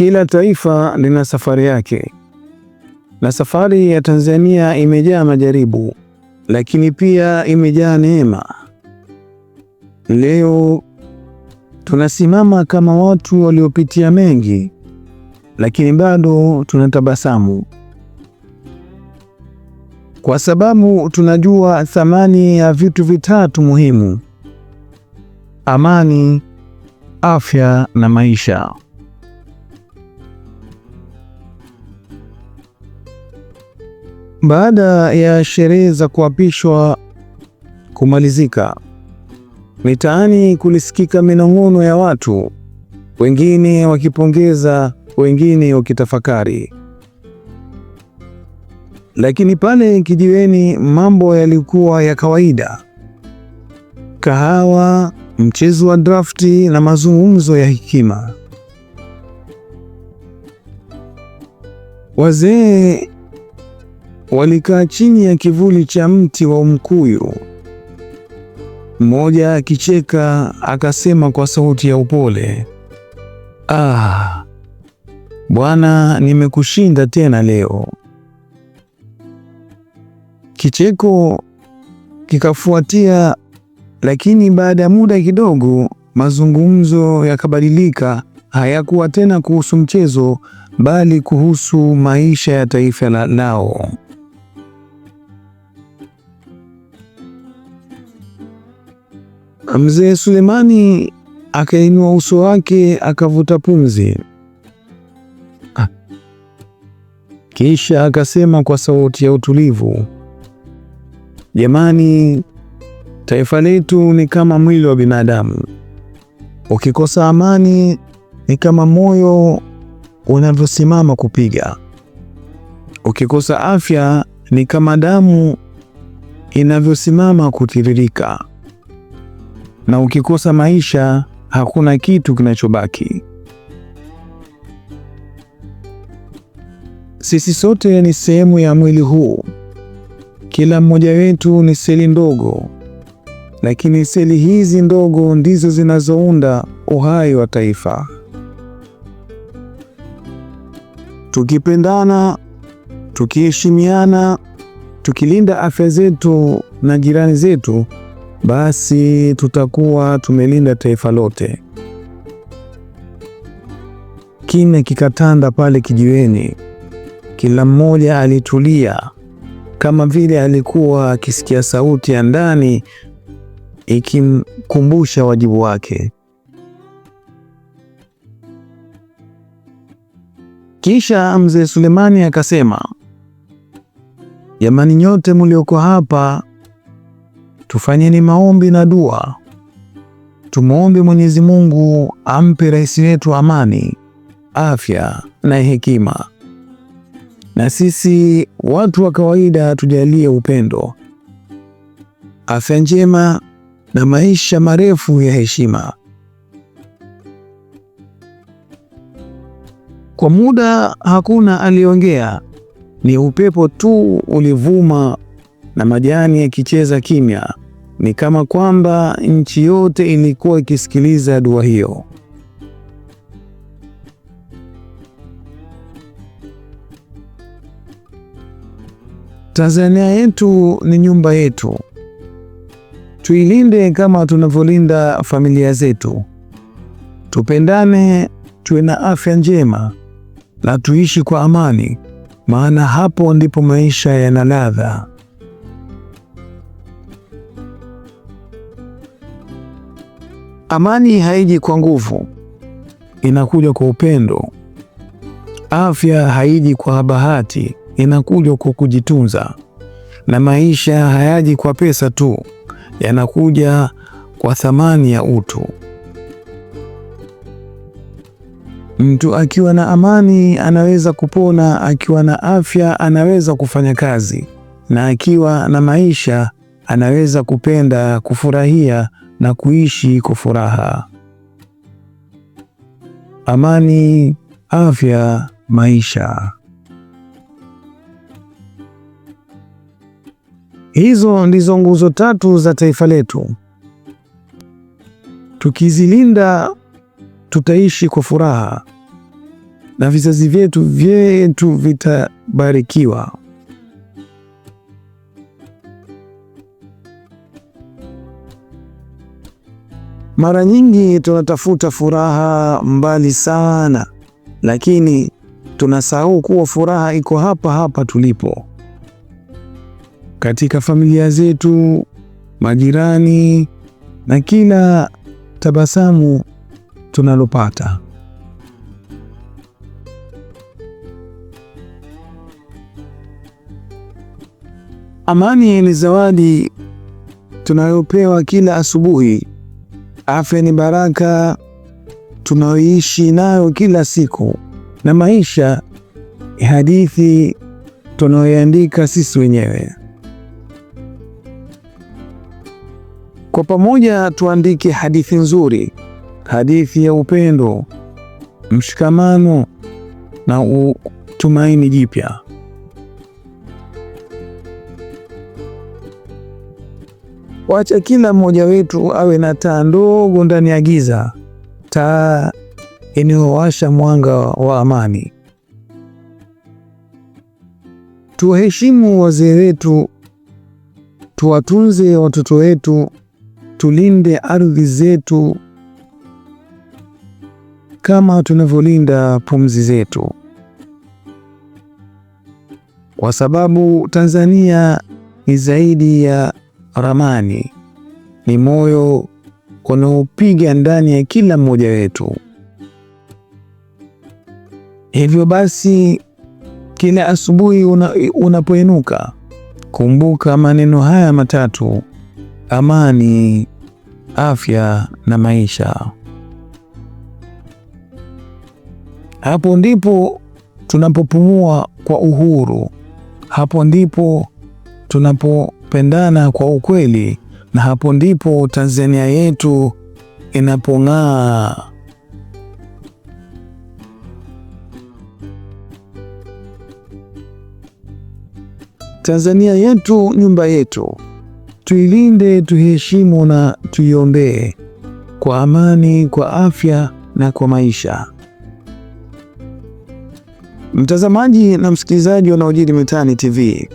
Kila taifa lina safari yake, na safari ya Tanzania imejaa majaribu, lakini pia imejaa neema. Leo tunasimama kama watu waliopitia mengi, lakini bado tunatabasamu kwa sababu tunajua thamani ya vitu vitatu muhimu: amani, afya na maisha. Baada ya sherehe za kuapishwa kumalizika, mitaani kulisikika minong'ono ya watu, wengine wakipongeza, wengine wakitafakari. Lakini pale kijiweni mambo yalikuwa ya kawaida: kahawa, mchezo wa drafti na mazungumzo ya hekima. Wazee Walikaa chini ya kivuli cha mti wa umkuyu. Mmoja akicheka akasema kwa sauti ya upole, ah, bwana, nimekushinda tena leo. Kicheko kikafuatia, lakini baada ya muda kidogo mazungumzo yakabadilika. Hayakuwa tena kuhusu mchezo, bali kuhusu maisha ya taifa lao. Mzee Sulemani akainua uso wake akavuta pumzi, ah. kisha akasema kwa sauti ya utulivu, jamani, taifa letu ni kama mwili wa binadamu, ukikosa amani ni kama moyo unavyosimama kupiga, ukikosa afya ni kama damu inavyosimama kutiririka na ukikosa maisha hakuna kitu kinachobaki. Sisi sote ni sehemu ya mwili huu. Kila mmoja wetu ni seli ndogo, lakini seli hizi ndogo ndizo zinazounda uhai wa taifa. Tukipendana, tukiheshimiana, tukilinda afya zetu na jirani zetu basi tutakuwa tumelinda taifa lote. Kimya kikatanda pale kijiweni, kila mmoja alitulia kama vile alikuwa akisikia sauti ya ndani ikimkumbusha wajibu wake. Kisha mzee Sulemani akasema, jamani, nyote mlioko hapa tufanyeni maombi na dua, tumwombe Mwenyezi Mungu ampe rais wetu amani, afya na hekima, na sisi watu wa kawaida tujalie upendo, afya njema na maisha marefu ya heshima. Kwa muda hakuna aliongea, ni upepo tu ulivuma na majani yakicheza kimya, ni kama kwamba nchi yote ilikuwa ikisikiliza dua hiyo. Tanzania yetu ni nyumba yetu, tuilinde kama tunavyolinda familia zetu. Tupendane, tuwe na afya njema na tuishi kwa amani, maana hapo ndipo maisha yana ladha. Amani haiji kwa nguvu, inakuja kwa upendo. Afya haiji kwa bahati, inakuja kwa kujitunza. Na maisha hayaji kwa pesa tu, yanakuja kwa thamani ya utu. Mtu akiwa na amani anaweza kupona, akiwa na afya anaweza kufanya kazi, na akiwa na maisha anaweza kupenda, kufurahia na kuishi kwa furaha. Amani, afya, maisha. Hizo ndizo nguzo tatu za taifa letu. Tukizilinda tutaishi kwa furaha na vizazi vyetu vyetu vitabarikiwa. Mara nyingi tunatafuta furaha mbali sana, lakini tunasahau kuwa furaha iko hapa hapa tulipo, katika familia zetu, majirani na kila tabasamu tunalopata. Amani ni zawadi tunayopewa kila asubuhi Afya ni baraka tunayoishi nayo kila siku, na maisha hadithi tunayoiandika sisi wenyewe. Kwa pamoja tuandike hadithi nzuri, hadithi ya upendo, mshikamano na utumaini jipya. Wacha kila mmoja wetu awe na taa ndogo ndani ya giza, taa inayowasha mwanga wa amani. Tuwaheshimu wazee wetu, tuwatunze watoto wetu, tulinde ardhi zetu kama tunavyolinda pumzi zetu, kwa sababu Tanzania ni zaidi ya ramani ni moyo unaopiga ndani ya kila mmoja wetu. Hivyo basi, kila asubuhi unapoinuka una kumbuka maneno haya matatu: amani, afya na maisha. Hapo ndipo tunapopumua kwa uhuru, hapo ndipo tunapo kupendana kwa ukweli, na hapo ndipo Tanzania yetu inapong'aa. Tanzania yetu, nyumba yetu, tuilinde, tuheshimu na tuiombee kwa amani, kwa afya na kwa maisha. Mtazamaji na msikilizaji wa yanayojiri mitaani TV,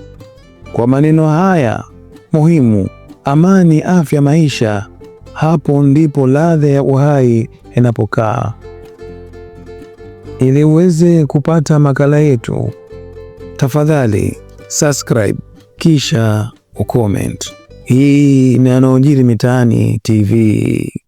kwa maneno haya muhimu, amani, afya, maisha, hapo ndipo ladha ya uhai inapokaa. Ili uweze kupata makala yetu, tafadhali subscribe kisha ucomment. Hii ni yanayojiri mitaani TV.